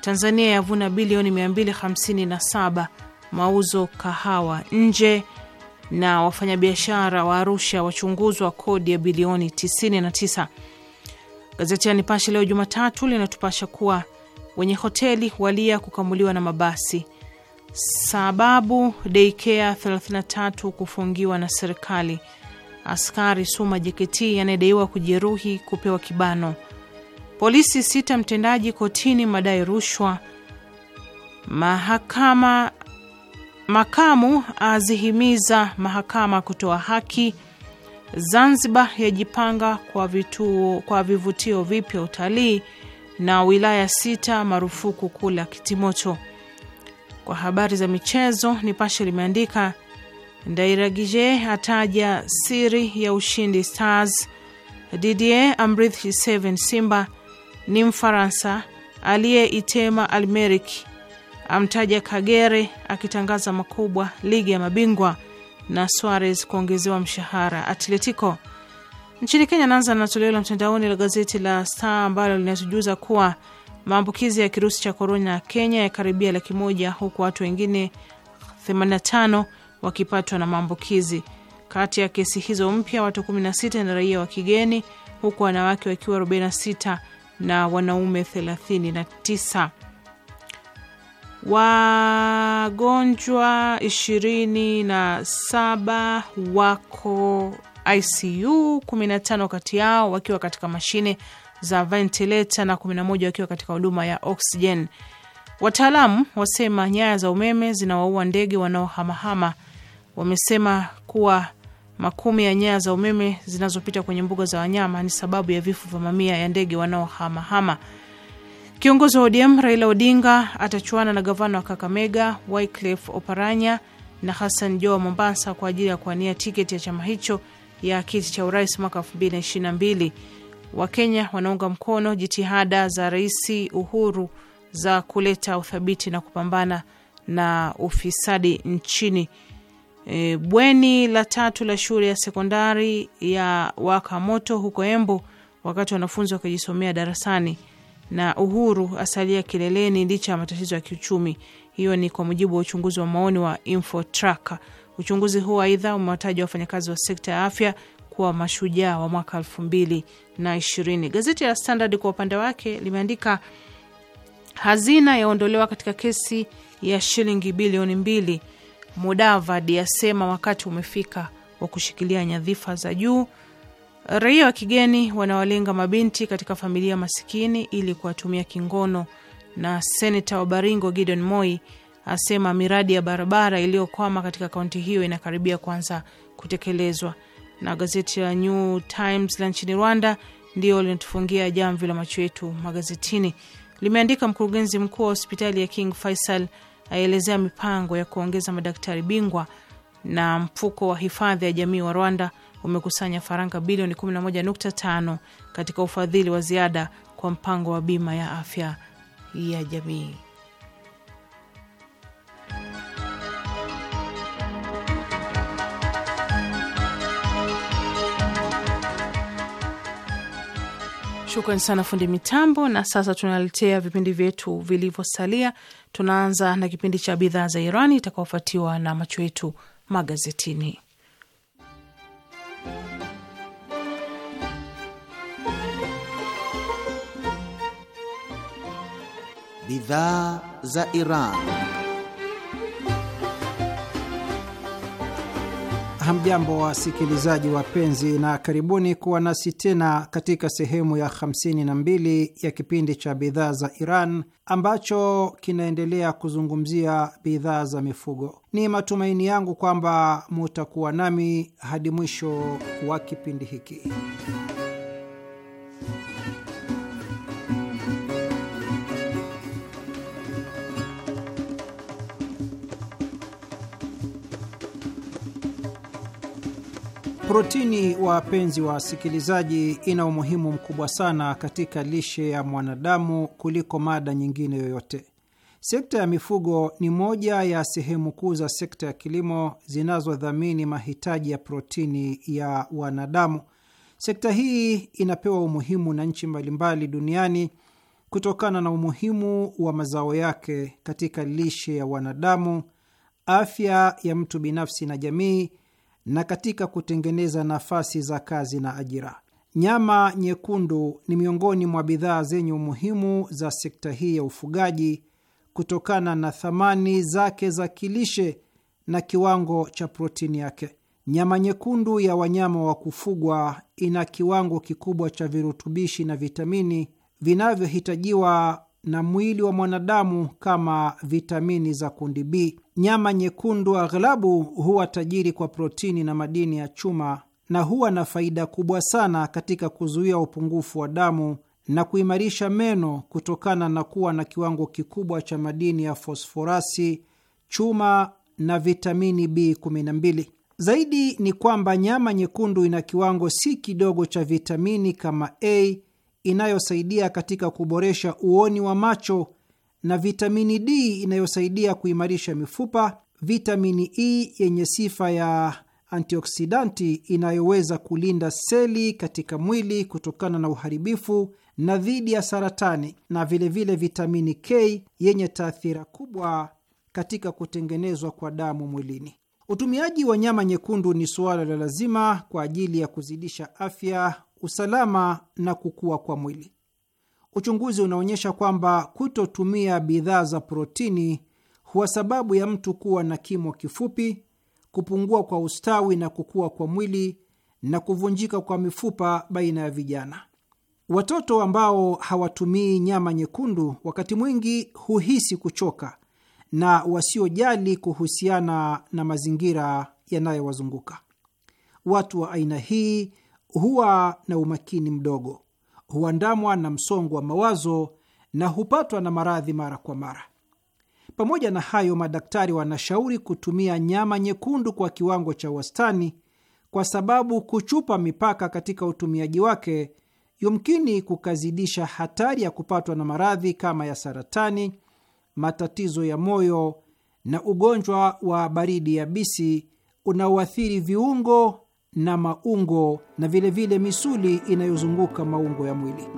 Tanzania yavuna bilioni 257 mauzo kahawa nje. Na wafanyabiashara wa Arusha wachunguzwa kodi ya bilioni 99. Gazeti ya Nipashe leo Jumatatu linatupasha kuwa wenye hoteli walia kukamuliwa na mabasi Sababu deikea 33 kufungiwa na serikali. Askari Suma JKT anayedaiwa kujeruhi kupewa kibano. Polisi sita mtendaji kotini madai rushwa. Mahakama makamu azihimiza mahakama kutoa haki. Zanzibar yajipanga kwa vituo, kwa vivutio vipya utalii, na wilaya sita marufuku kula kitimoto. Kwa habari za michezo, Nipashe limeandika Ndairagije ataja siri ya ushindi Stars. Didier Amrithi 7 Simba ni Mfaransa aliyeitema Almeric, amtaja Kagere akitangaza makubwa ligi ya mabingwa, na Suarez kuongezewa mshahara Atletico. Nchini Kenya, naanza na toleo la mtandaoni la gazeti la Star ambalo linatujuza kuwa Maambukizi ya kirusi cha korona Kenya yakaribia laki moja huku watu wengine 85 wakipatwa na maambukizi. Kati ya kesi hizo mpya watu 16 na raia wa kigeni, huku wanawake wakiwa 46 na wanaume 39. Wagonjwa 27 wako ICU, 15 kati yao wakiwa katika mashine za ventileta na 11 wakiwa katika huduma ya oksijen. Wataalamu wasema nyaya za umeme zinawaua ndege wanaohamahama. Wamesema kuwa makumi ya nyaya za umeme zinazopita kwenye mbuga za wanyama ni sababu ya vifo vya mamia ya ndege wanaohamahama. Kiongozi wa ODM Raila Odinga atachuana na gavana wa Kakamega Wyclef Oparanya na Hassan Jo wa Mombasa kwa ajili ya kuania tiketi ya chama hicho ya kiti cha urais mwaka 2022. Wakenya wanaunga mkono jitihada za Rais Uhuru za kuleta uthabiti na kupambana na ufisadi nchini. E, bweni la tatu la shule ya sekondari ya waka moto huko Embu wakati wanafunzi wakijisomea darasani. Na Uhuru asalia kileleni licha ya matatizo ya kiuchumi. Hiyo ni kwa mujibu wa uchunguzi wa maoni wa Infotracker. Uchunguzi huu aidha umewataja wafanyakazi wa sekta ya afya kuwa mashujaa wa mwaka elfu mbili na ishirini. Gazeti la Standard kwa upande wake limeandika hazina yaondolewa katika kesi ya shilingi bilioni mbili. Mudavadi asema wakati umefika wa kushikilia nyadhifa za juu. Raia wa kigeni wanawalenga mabinti katika familia masikini ili kuwatumia kingono. Na seneta wa Baringo Gideon Moi asema miradi ya barabara iliyokwama katika kaunti hiyo inakaribia kuanza kutekelezwa na gazeti la New Times la nchini Rwanda ndio linatufungia jamvi la macho yetu magazetini. Limeandika mkurugenzi mkuu wa hospitali ya King Faisal aelezea mipango ya kuongeza madaktari bingwa, na mfuko wa hifadhi ya jamii wa Rwanda umekusanya faranga bilioni 11.5 katika ufadhili wa ziada kwa mpango wa bima ya afya ya jamii. Shukran sana fundi mitambo. Na sasa tunaletea vipindi vyetu vilivyosalia. Tunaanza na kipindi cha bidhaa za Irani itakaofuatiwa na macho yetu magazetini. Bidhaa za Iran. Hamjambo wasikilizaji wapenzi, na karibuni kuwa nasi tena katika sehemu ya 52 ya kipindi cha bidhaa za Iran ambacho kinaendelea kuzungumzia bidhaa za mifugo. Ni matumaini yangu kwamba mutakuwa nami hadi mwisho wa kipindi hiki. Protini, wapenzi wa wasikilizaji, ina umuhimu mkubwa sana katika lishe ya mwanadamu kuliko mada nyingine yoyote. Sekta ya mifugo ni moja ya sehemu kuu za sekta ya kilimo zinazodhamini mahitaji ya protini ya wanadamu. Sekta hii inapewa umuhimu na nchi mbalimbali duniani kutokana na umuhimu wa mazao yake katika lishe ya wanadamu, afya ya mtu binafsi na jamii na katika kutengeneza nafasi za kazi na ajira. Nyama nyekundu ni miongoni mwa bidhaa zenye umuhimu za sekta hii ya ufugaji kutokana na thamani zake za kilishe na kiwango cha protini yake. Nyama nyekundu ya wanyama wa kufugwa ina kiwango kikubwa cha virutubishi na vitamini vinavyohitajiwa na mwili wa mwanadamu kama vitamini za kundi B nyama nyekundu aghlabu huwa tajiri kwa protini na madini ya chuma na huwa na faida kubwa sana katika kuzuia upungufu wa damu na kuimarisha meno kutokana na kuwa na kiwango kikubwa cha madini ya fosforasi, chuma na vitamini B12. Zaidi ni kwamba nyama nyekundu ina kiwango si kidogo cha vitamini kama A inayosaidia katika kuboresha uoni wa macho na vitamini D inayosaidia kuimarisha mifupa, vitamini E yenye sifa ya antioksidanti inayoweza kulinda seli katika mwili kutokana na uharibifu na dhidi ya saratani, na vilevile vile vitamini K yenye taathira kubwa katika kutengenezwa kwa damu mwilini. Utumiaji wa nyama nyekundu ni suala la lazima kwa ajili ya kuzidisha afya, usalama na kukua kwa mwili. Uchunguzi unaonyesha kwamba kutotumia bidhaa za protini huwa sababu ya mtu kuwa na kimo kifupi, kupungua kwa ustawi na kukua kwa mwili na kuvunjika kwa mifupa baina ya vijana. Watoto ambao hawatumii nyama nyekundu wakati mwingi huhisi kuchoka na wasiojali kuhusiana na mazingira yanayowazunguka. Watu wa aina hii huwa na umakini mdogo huandamwa na msongo wa mawazo na hupatwa na maradhi mara kwa mara. Pamoja na hayo, madaktari wanashauri kutumia nyama nyekundu kwa kiwango cha wastani, kwa sababu kuchupa mipaka katika utumiaji wake yumkini kukazidisha hatari ya kupatwa na maradhi kama ya saratani, matatizo ya moyo na ugonjwa wa baridi yabisi unaoathiri viungo na maungo na vilevile vile misuli inayozunguka maungo ya mwili.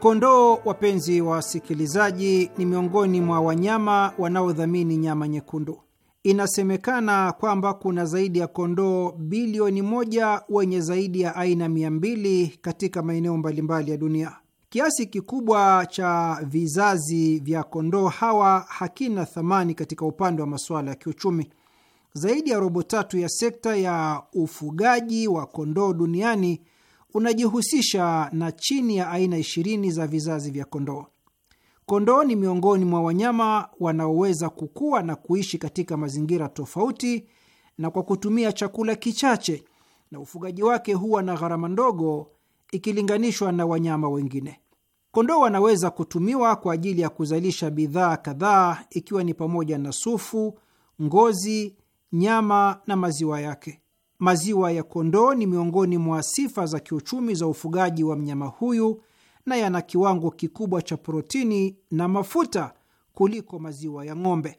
Kondoo, wapenzi wa wasikilizaji, ni miongoni mwa wanyama wanaodhamini nyama nyekundu. Inasemekana kwamba kuna zaidi ya kondoo bilioni moja wenye zaidi ya aina mia mbili katika maeneo mbalimbali ya dunia. Kiasi kikubwa cha vizazi vya kondoo hawa hakina thamani katika upande wa masuala ya kiuchumi. Zaidi ya robo tatu ya sekta ya ufugaji wa kondoo duniani unajihusisha na chini ya aina ishirini za vizazi vya kondoo. Kondoo ni miongoni mwa wanyama wanaoweza kukua na kuishi katika mazingira tofauti na kwa kutumia chakula kichache, na ufugaji wake huwa na gharama ndogo ikilinganishwa na wanyama wengine. Kondoo wanaweza kutumiwa kwa ajili ya kuzalisha bidhaa kadhaa, ikiwa ni pamoja na sufu, ngozi, nyama na maziwa yake. Maziwa ya kondoo ni miongoni mwa sifa za kiuchumi za ufugaji wa mnyama huyu na yana kiwango kikubwa cha protini na mafuta kuliko maziwa ya ng'ombe.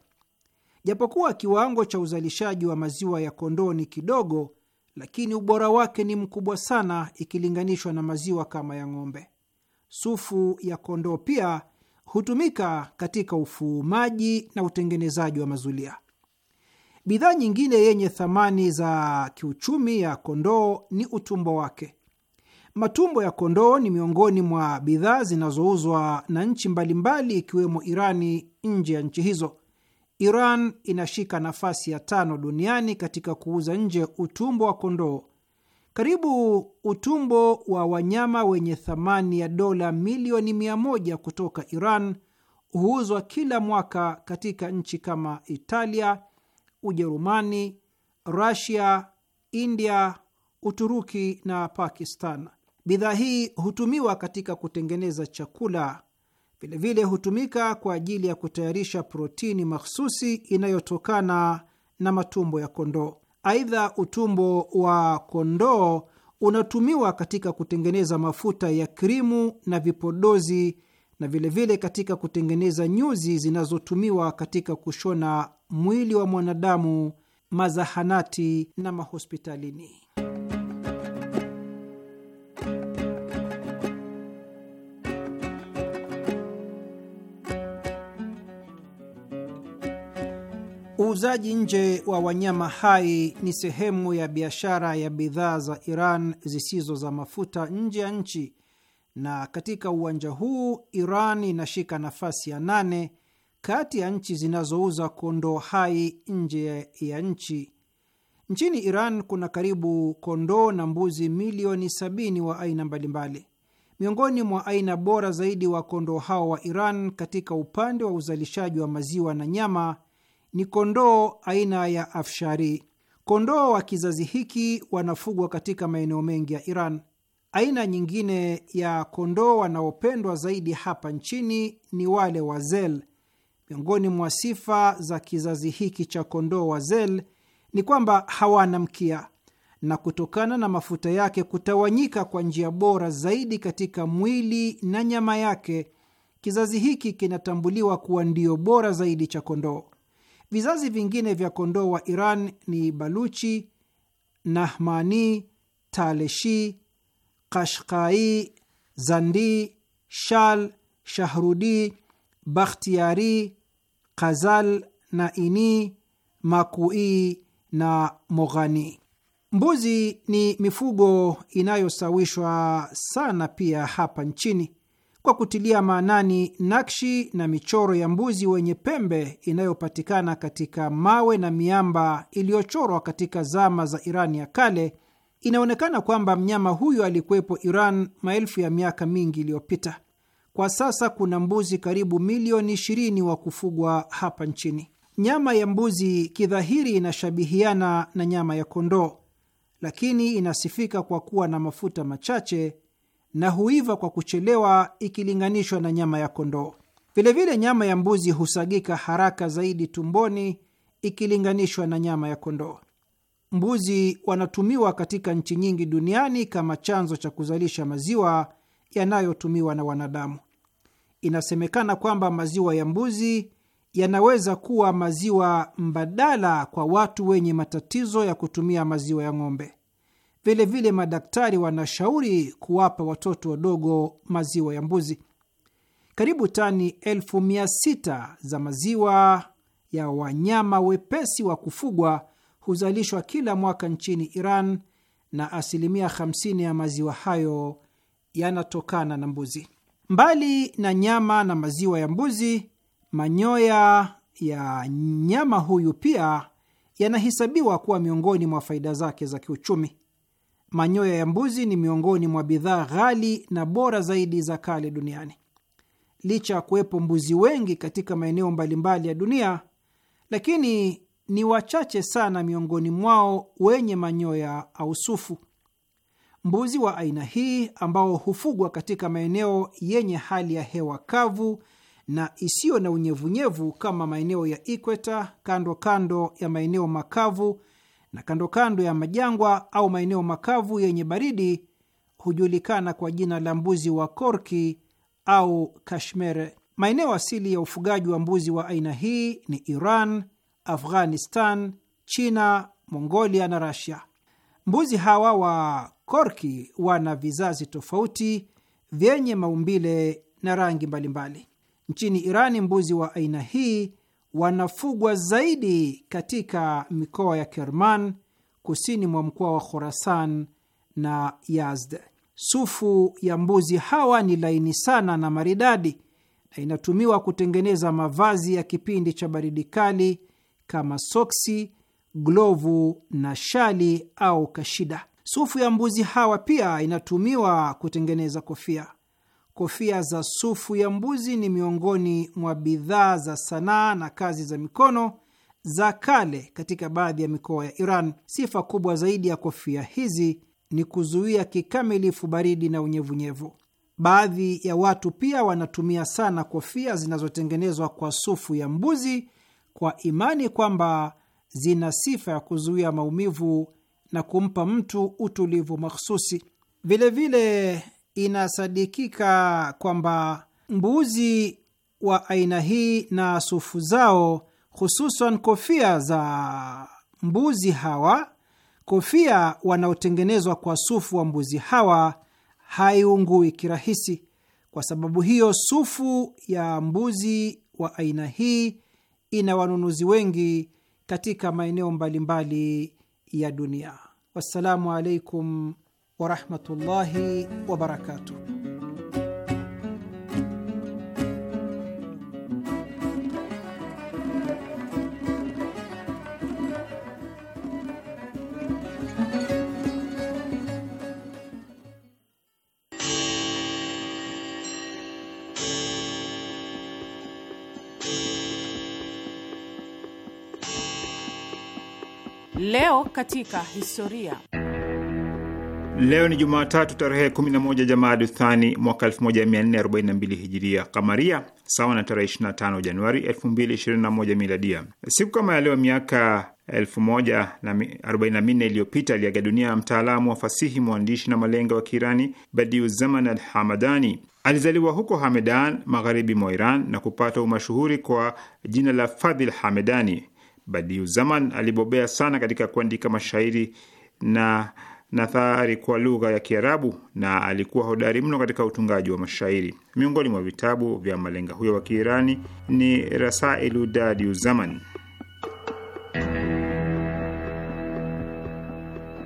Japokuwa kiwango cha uzalishaji wa maziwa ya kondoo ni kidogo, lakini ubora wake ni mkubwa sana ikilinganishwa na maziwa kama ya ng'ombe. Sufu ya kondoo pia hutumika katika ufumaji na utengenezaji wa mazulia. Bidhaa nyingine yenye thamani za kiuchumi ya kondoo ni utumbo wake. Matumbo ya kondoo ni miongoni mwa bidhaa zinazouzwa na nchi mbalimbali ikiwemo Irani nje ya nchi hizo. Iran inashika nafasi ya tano duniani katika kuuza nje utumbo wa kondoo. Karibu utumbo wa wanyama wenye thamani ya dola milioni mia moja kutoka Iran huuzwa kila mwaka katika nchi kama Italia, Ujerumani, Rasia, India, Uturuki na Pakistan. Bidhaa hii hutumiwa katika kutengeneza chakula Vilevile hutumika kwa ajili ya kutayarisha protini mahsusi inayotokana na matumbo ya kondoo. Aidha, utumbo wa kondoo unatumiwa katika kutengeneza mafuta ya krimu na vipodozi na vilevile vile katika kutengeneza nyuzi zinazotumiwa katika kushona mwili wa mwanadamu mazahanati na mahospitalini. Uuzaji nje wa wanyama hai ni sehemu ya biashara ya bidhaa za Iran zisizo za mafuta nje ya nchi, na katika uwanja huu Iran inashika nafasi ya nane kati ya nchi zinazouza kondoo hai nje ya nchi. Nchini Iran kuna karibu kondoo na mbuzi milioni sabini wa aina mbalimbali. Miongoni mwa aina bora zaidi wa kondoo hao wa Iran katika upande wa uzalishaji wa maziwa na nyama ni kondoo aina ya Afshari. Kondoo wa kizazi hiki wanafugwa katika maeneo mengi ya Iran. Aina nyingine ya kondoo wanaopendwa zaidi hapa nchini ni wale wa Zel. Miongoni mwa sifa za kizazi hiki cha kondoo wa Zel ni kwamba hawana mkia, na kutokana na mafuta yake kutawanyika kwa njia bora zaidi katika mwili na nyama yake, kizazi hiki kinatambuliwa kuwa ndio bora zaidi cha kondoo. Vizazi vingine vya kondoo wa Iran ni Baluchi, Nahmani, Taleshi, Kashkai, Zandi, Shal, Shahrudi, Bakhtiari, Kazal, Naini, Makui na Moghani. Mbuzi ni mifugo inayosawishwa sana pia hapa nchini kwa kutilia maanani nakshi na michoro ya mbuzi wenye pembe inayopatikana katika mawe na miamba iliyochorwa katika zama za iran ya kale, inaonekana kwamba mnyama huyo alikuwepo Iran maelfu ya miaka mingi iliyopita. Kwa sasa kuna mbuzi karibu milioni 20 wa kufugwa hapa nchini. Nyama ya mbuzi kidhahiri inashabihiana na nyama ya kondoo, lakini inasifika kwa kuwa na mafuta machache na huiva kwa kuchelewa ikilinganishwa na nyama ya kondoo. Vilevile nyama ya mbuzi husagika haraka zaidi tumboni ikilinganishwa na nyama ya kondoo. Mbuzi wanatumiwa katika nchi nyingi duniani kama chanzo cha kuzalisha maziwa yanayotumiwa na wanadamu. Inasemekana kwamba maziwa ya mbuzi yanaweza kuwa maziwa mbadala kwa watu wenye matatizo ya kutumia maziwa ya ng'ombe. Vilevile vile madaktari wanashauri kuwapa watoto wadogo maziwa ya mbuzi. Karibu tani elfu mia sita za maziwa ya wanyama wepesi wa kufugwa huzalishwa kila mwaka nchini Iran na asilimia 50 ya maziwa hayo yanatokana na mbuzi. Mbali na nyama na maziwa ya mbuzi, manyoya ya nyama huyu pia yanahesabiwa kuwa miongoni mwa faida zake za kiuchumi manyoya ya mbuzi ni miongoni mwa bidhaa ghali na bora zaidi za kale duniani. Licha ya kuwepo mbuzi wengi katika maeneo mbalimbali ya dunia, lakini ni wachache sana miongoni mwao wenye manyoya au sufu. Mbuzi wa aina hii ambao hufugwa katika maeneo yenye hali ya hewa kavu na isiyo na unyevunyevu kama maeneo ya ikweta, kando kando ya maeneo makavu na kando kando ya majangwa au maeneo makavu yenye baridi hujulikana kwa jina la mbuzi wa korki au kashmere. Maeneo asili ya ufugaji wa mbuzi wa aina hii ni Iran, Afghanistan, China, Mongolia na Rasia. Mbuzi hawa wa korki wana vizazi tofauti vyenye maumbile na rangi mbalimbali. Nchini Irani, mbuzi wa aina hii wanafugwa zaidi katika mikoa ya Kerman kusini mwa mkoa wa Khorasan na Yazd. Sufu ya mbuzi hawa ni laini sana na maridadi na inatumiwa kutengeneza mavazi ya kipindi cha baridi kali kama soksi, glovu na shali au kashida. Sufu ya mbuzi hawa pia inatumiwa kutengeneza kofia. Kofia za sufu ya mbuzi ni miongoni mwa bidhaa za sanaa na kazi za mikono za kale katika baadhi ya mikoa ya Iran. Sifa kubwa zaidi ya kofia hizi ni kuzuia kikamilifu baridi na unyevunyevu. Baadhi ya watu pia wanatumia sana kofia zinazotengenezwa kwa sufu ya mbuzi kwa imani kwamba zina sifa ya kuzuia maumivu na kumpa mtu utulivu makhususi. Vilevile inasadikika kwamba mbuzi wa aina hii na sufu zao, hususan kofia za mbuzi hawa, kofia wanaotengenezwa kwa sufu wa mbuzi hawa haiungui kirahisi. Kwa sababu hiyo, sufu ya mbuzi wa aina hii ina wanunuzi wengi katika maeneo mbalimbali ya dunia. Wassalamu alaikum warahmatullahi wabarakatuh. Leo katika historia Leo ni Jumatatu tarehe 11 Jamadi Thani mwaka 1442 hijiria kamaria, sawa na tarehe 25 Januari 2021 miladia. Siku kama ya leo miaka 1044 iliyopita aliaga dunia mtaalamu wa fasihi, mwandishi na malenga wa Kiirani badiu zaman al Hamadani. Alizaliwa huko Hamedan, magharibi mwa Iran, na kupata umashuhuri kwa jina la Fadhil Hamedani. badiu zaman alibobea sana katika kuandika mashairi na nathari kwa lugha ya Kiarabu na alikuwa hodari mno katika utungaji wa mashairi. Miongoni mwa vitabu vya malenga huyo wa Kiirani ni Rasailu Dadiu Zaman.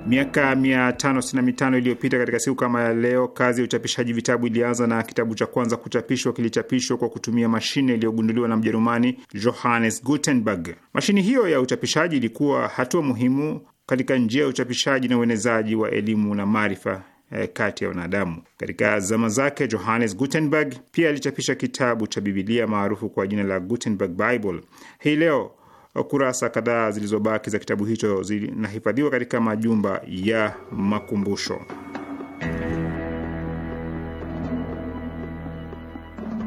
Miaka 565 iliyopita katika siku kama ya leo, kazi ya uchapishaji vitabu ilianza na kitabu cha kwanza kuchapishwa kilichapishwa kwa kutumia mashine iliyogunduliwa na Mjerumani Johannes Gutenberg. Mashine hiyo ya uchapishaji ilikuwa hatua muhimu katika njia ya uchapishaji na uenezaji wa elimu na maarifa eh, kati ya wanadamu. Katika zama zake, Johannes Gutenberg pia alichapisha kitabu cha Bibilia maarufu kwa jina la Gutenberg Bible. Hii leo kurasa kadhaa zilizobaki za kitabu hicho zinahifadhiwa katika majumba ya makumbusho.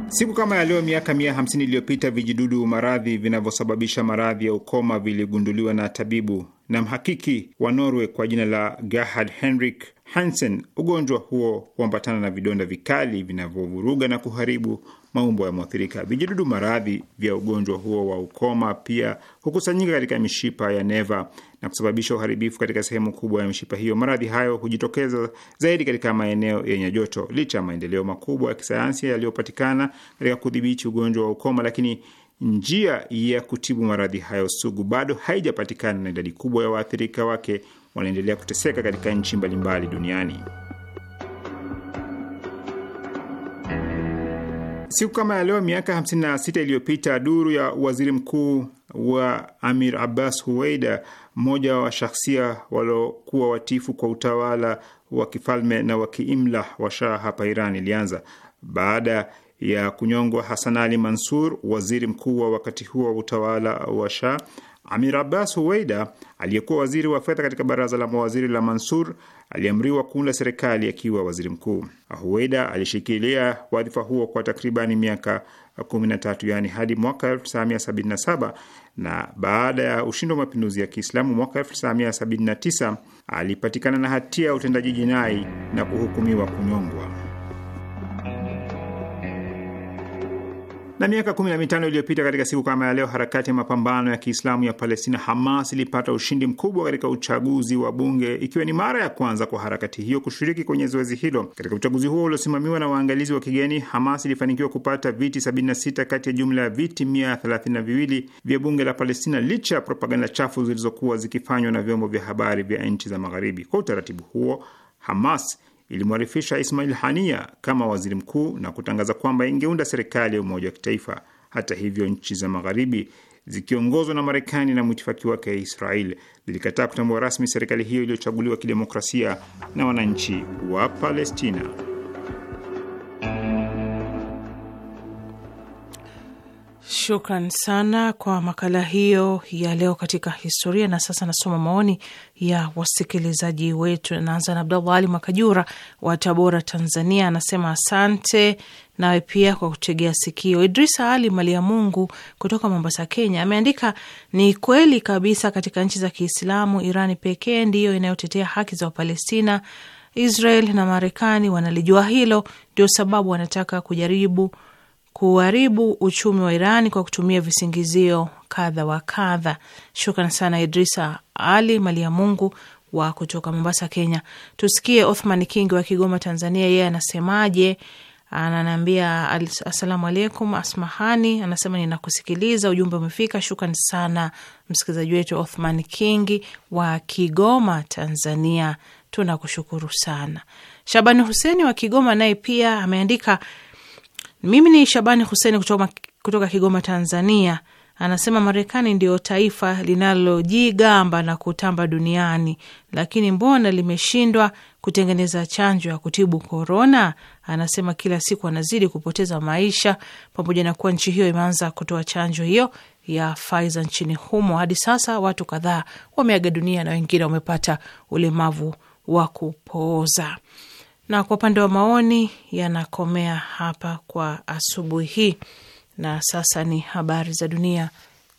Siku kama ya leo miaka mia hamsini iliyopita vijidudu maradhi vinavyosababisha maradhi ya ukoma viligunduliwa na tabibu na mhakiki wa Norway kwa jina la Gerhard Henrik Hansen. Ugonjwa huo huambatana na vidonda vikali vinavyovuruga na kuharibu maumbo ya mwathirika. Vijidudu maradhi vya ugonjwa huo wa ukoma pia hukusanyika katika mishipa ya neva na kusababisha uharibifu katika sehemu kubwa ya mishipa hiyo. Maradhi hayo hujitokeza zaidi katika maeneo yenye joto. Licha ya maendeleo makubwa ya kisayansi yaliyopatikana katika kudhibiti ugonjwa wa ukoma, lakini njia ya kutibu maradhi hayo sugu bado haijapatikana na idadi kubwa ya waathirika wake wanaendelea kuteseka katika nchi mbalimbali duniani. Siku kama ya leo miaka 56 iliyopita duru ya waziri mkuu wa Amir Abbas Huweida, mmoja wa shakhsia waliokuwa watifu kwa utawala wa kifalme na wa kiimla wa Shah hapa Iran ilianza baada ya kunyongwa Hasan Ali Mansur, waziri mkuu wa wakati huo wa utawala wa Shah. Amir Abbas Huweida aliyekuwa waziri wa fedha katika baraza la mawaziri la Mansur aliamriwa kuunda serikali akiwa waziri mkuu. Huweida alishikilia wadhifa huo kwa takribani miaka 13 yani hadi mwaka 1977 na baada ya ushindi wa mapinduzi ya Kiislamu mwaka 1979 alipatikana na hatia ya utendaji jinai na kuhukumiwa kunyongwa. Na miaka 15 iliyopita katika siku kama ya leo, harakati ya mapambano ya Kiislamu ya Palestina Hamas ilipata ushindi mkubwa katika uchaguzi wa bunge, ikiwa ni mara ya kwanza kwa harakati hiyo kushiriki kwenye zoezi hilo. Katika uchaguzi huo uliosimamiwa na waangalizi wa kigeni, Hamas ilifanikiwa kupata viti 76 kati ya jumla ya viti 132 vya bunge la Palestina, licha ya propaganda chafu zilizokuwa zikifanywa na vyombo vya habari vya nchi za Magharibi. Kwa utaratibu huo Hamas ilimwarifisha Ismail Hania kama waziri mkuu na kutangaza kwamba ingeunda serikali ya umoja wa kitaifa. Hata hivyo, nchi za magharibi zikiongozwa na Marekani na mwitifaki wake Israel zilikataa kutambua rasmi serikali hiyo iliyochaguliwa kidemokrasia na wananchi wa Palestina. Shukran sana kwa makala hiyo ya leo katika historia. Na sasa nasoma maoni ya wasikilizaji wetu. Naanza na Abdallah Ali makajura wa Tabora, Tanzania, anasema asante nawe pia kwa kutegea sikio. Idrisa Ali ya Mungu kutoka Mombasa, Kenya, ameandika ni kweli kabisa, katika nchi za Kiislamu Irani pekee ndiyo inayotetea haki za Wapalestina. Israel na Marekani wanalijua hilo, ndio sababu wanataka kujaribu kuharibu uchumi wa Iran kwa kutumia visingizio kadha wa kadha. Shukran sana Idrisa Ali mali ya Mungu wa kutoka Mombasa, Kenya. Tusikie Othman Kingi wa Kigoma, Tanzania, yeye anasemaje? Ananiambia assalamu alaikum. Asmahani anasema ninakusikiliza, ujumbe umefika. Shukran sana msikilizaji wetu Othman Kingi wa Kigoma, Tanzania, tunakushukuru sana. Shabani Huseni wa Kigoma naye pia ameandika mimi ni Shabani Huseni kutoka, kutoka Kigoma, Tanzania. Anasema Marekani ndio taifa linalojigamba na kutamba duniani, lakini mbona limeshindwa kutengeneza chanjo ya kutibu korona? Anasema kila siku anazidi kupoteza maisha, pamoja na kuwa nchi hiyo imeanza kutoa chanjo hiyo ya Pfizer nchini humo. Hadi sasa watu kadhaa wameaga dunia na wengine wamepata ulemavu wa kupooza na kwa upande wa maoni yanakomea hapa kwa asubuhi hii. Na sasa ni habari za dunia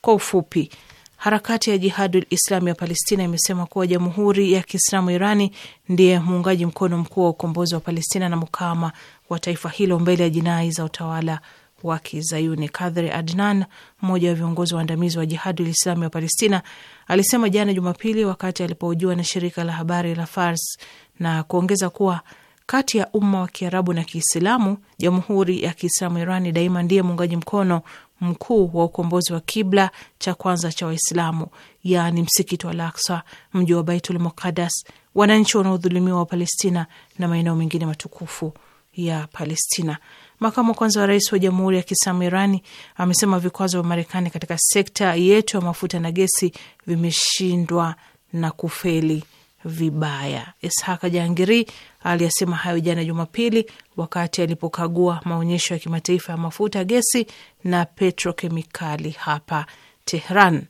kwa ufupi. Harakati ya Jihadul Islami ya Palestina imesema kuwa Jamhuri ya Kiislamu Irani ndiye muungaji mkono mkuu wa ukombozi wa Palestina na mukawama wa taifa hilo mbele ya jinai za utawala wa Kizayuni. Kadhri Adnan, mmoja wa viongozi waandamizi wa Jihadul Islami ya Palestina, alisema jana Jumapili wakati alipohojiwa na shirika la habari la Fars na kuongeza kuwa kati ya umma wa Kiarabu na Kiislamu, Jamhuri ya Kiislamu Irani daima ndiye muungaji mkono mkuu wa ukombozi wa kibla cha kwanza cha Waislamu, yaani msikiti wa Al-Aqsa, mji wa Baitul Muqaddas, wananchi wanaodhulumiwa wa Palestina na maeneo mengine matukufu ya Palestina. Makamu wa kwanza wa rais wa Jamhuri ya Kiislamu Irani amesema vikwazo vya Marekani katika sekta yetu ya mafuta na gesi vimeshindwa na kufeli vibaya. Ishaka Jangiri Aliyasema hayo jana Jumapili wakati alipokagua maonyesho ya kimataifa ya mafuta, gesi na petrokemikali hapa Tehran.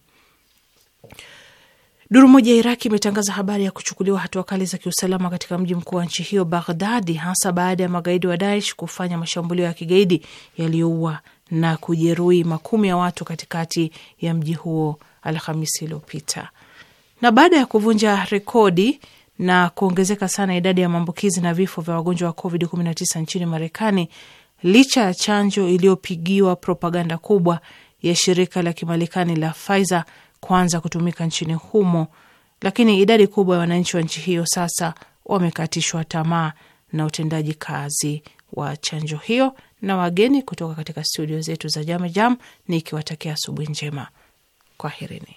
Duru moja ya Iraki imetangaza habari ya kuchukuliwa hatua kali za kiusalama katika mji mkuu wa nchi hiyo Baghdadi, hasa baada ya magaidi wa Daesh kufanya mashambulio ya kigaidi yaliyoua na kujeruhi makumi ya watu katikati ya mji huo Alhamisi iliyopita. Na baada ya kuvunja rekodi na kuongezeka sana idadi ya maambukizi na vifo vya wagonjwa wa COVID-19 nchini Marekani licha ya chanjo iliyopigiwa propaganda kubwa ya shirika la kimarekani la Pfizer kuanza kutumika nchini humo, lakini idadi kubwa ya wananchi wa nchi hiyo sasa wamekatishwa tamaa na utendaji kazi wa chanjo hiyo. Na wageni kutoka katika studio zetu za Jamjam, nikiwatakia asubuhi njema, kwaherini.